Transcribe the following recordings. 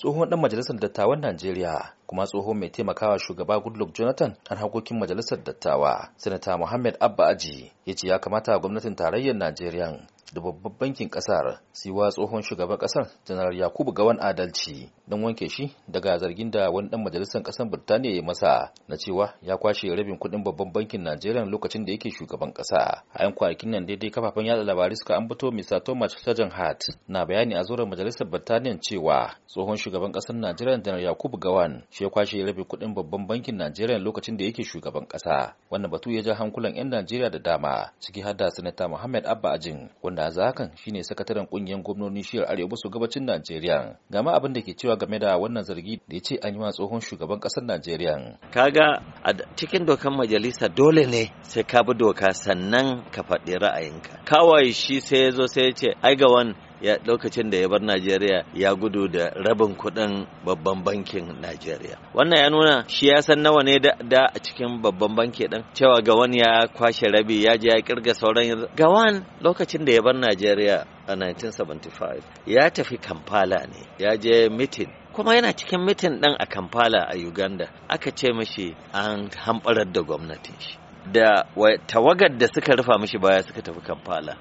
tsohon dan majalisar dattawan Najeriya kuma tsohon mai taimakawa shugaba Goodluck Jonathan kan hakokin majalisar dattawa, Sanata Muhammad Abba Aji ya ce ya kamata gwamnatin tarayyar Najeriya da babban bankin kasar siwa tsohon shugaban kasar janar yakubu gawan adalci don wanke shi daga zargin da wani dan majalisar kasar birtaniya ya masa na cewa ya kwashe rabin kudin babban bankin najeriya lokacin da yake shugaban kasa a yan kwanakin nan daidai kafafen yada labarai suka ambato mr thomas Sajan hart na bayani a zuwan majalisar birtaniya cewa tsohon shugaban kasar najeriya janar yakubu gawan shi ya kwashe rabin kudin babban bankin najeriya lokacin da yake shugaban kasa wannan batu ya ja hankulan yan najeriya da dama ciki har da sanata muhammad abba ajin wanda wanda a hakan shine sakataren kungiyar gwamnonin shiyar arewa su gabacin najeriya gama abin da ke cewa game da wannan zargi da ya ce an yi wa tsohon shugaban kasar najeriya kaga a cikin dokan majalisa dole ne sai ka bi doka sannan ka faɗi ra'ayinka kawai shi sai ya zo sai ya ce ai ga wani ya lokacin da ya bar Najeriya ya gudu da rabin kuɗin babban bankin Najeriya. Wannan ya nuna shi ya san nawa ne da a cikin babban banki ɗin cewa Gawan ya kwashe rabi ya je ya kirga sauran gawan lokacin da ya bar Najeriya a 1975 ya tafi Kampala ne ya je mitin kuma yana cikin mitin ɗin a Kampala a Uganda aka ce mashi an hamɓarar da gwamnatin shi da tawagar da suka rufa mishi baya suka tafi Kampala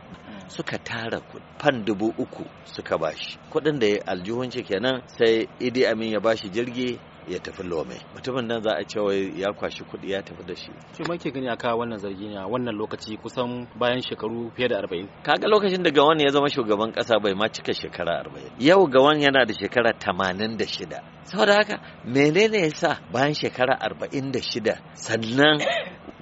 suka tara fan dubu uku suka bashi kuɗin da aljihun shi kenan sai idi amin ya bashi jirgi ya tafi lome mutumin nan za a ce ya kwashi kuɗi ya tafi da shi shi ma gani aka wannan zargi ne a wannan lokaci kusan bayan shekaru fiye da arba'in kaga lokacin da gawan ya zama shugaban ƙasa bai ma cika shekara arba'in yau gawan yana da shekara tamanin da shida saboda haka menene yasa bayan shekara arba'in da shida sannan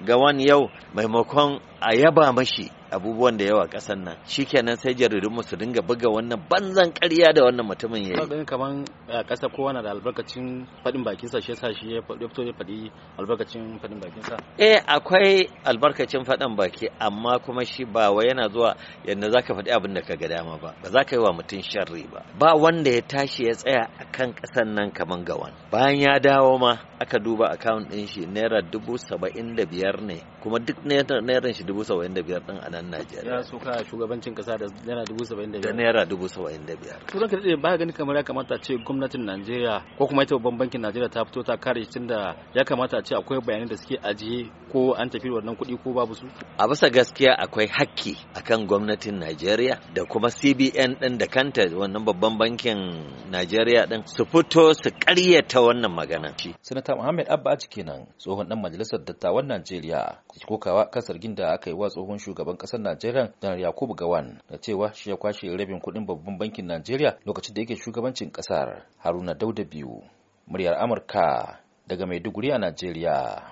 gawan yau maimakon a yaba mashi abubuwan da yawa kasan nan shikenan sai jaridun su dinga buga wannan banzan ƙarya da wannan mutumin ya yi kaman eh, ƙasa kowane da albarkacin faɗin bakinsa shi yasa shi ya fito ya faɗi albarkacin faɗin bakinsa eh akwai albarkacin faɗin baki amma kuma shi ba wai yana zuwa yadda zaka faɗi abin da ka ga dama ba ba za ka yi wa mutum sharri ba ba wanda ya tashi ya tsaya a kan ƙasan nan kaman gawan bayan ya dawo ma aka duba akawun ɗin shi naira dubu saba'in da biyar ne kuma duk naira shi dubu saba'in da biyar ɗin nan Najeriya. Ya soka shugabancin kasa da naira dubu saba'in da biyar. Da naira dubu saba'in da biyar. Turan ka daɗe ba gani kamar ya kamata ce gwamnatin Najeriya ko kuma ita babban bankin Najeriya ta fito ta kare shi tunda ya kamata ce akwai bayanai da suke ajiye ko an tafi wannan kuɗi ko babu su? A bisa gaskiya akwai hakki akan gwamnatin Najeriya da kuma CBN ɗin da kanta wannan babban bankin Najeriya ɗin su fito su ƙaryata wannan magana. Sanata Muhammad Abba kenan tsohon ɗan majalisar dattawan Najeriya ke kokawa kan zargin da aka yi wa tsohon shugaban ƙasar Najeriya Janar Yakubu Gawan da cewa shi ya kwashe rabin kuɗin babban bankin Najeriya lokacin da yake shugabancin ƙasar Haruna Dauda biyu. Muryar Amurka daga Maiduguri a Najeriya.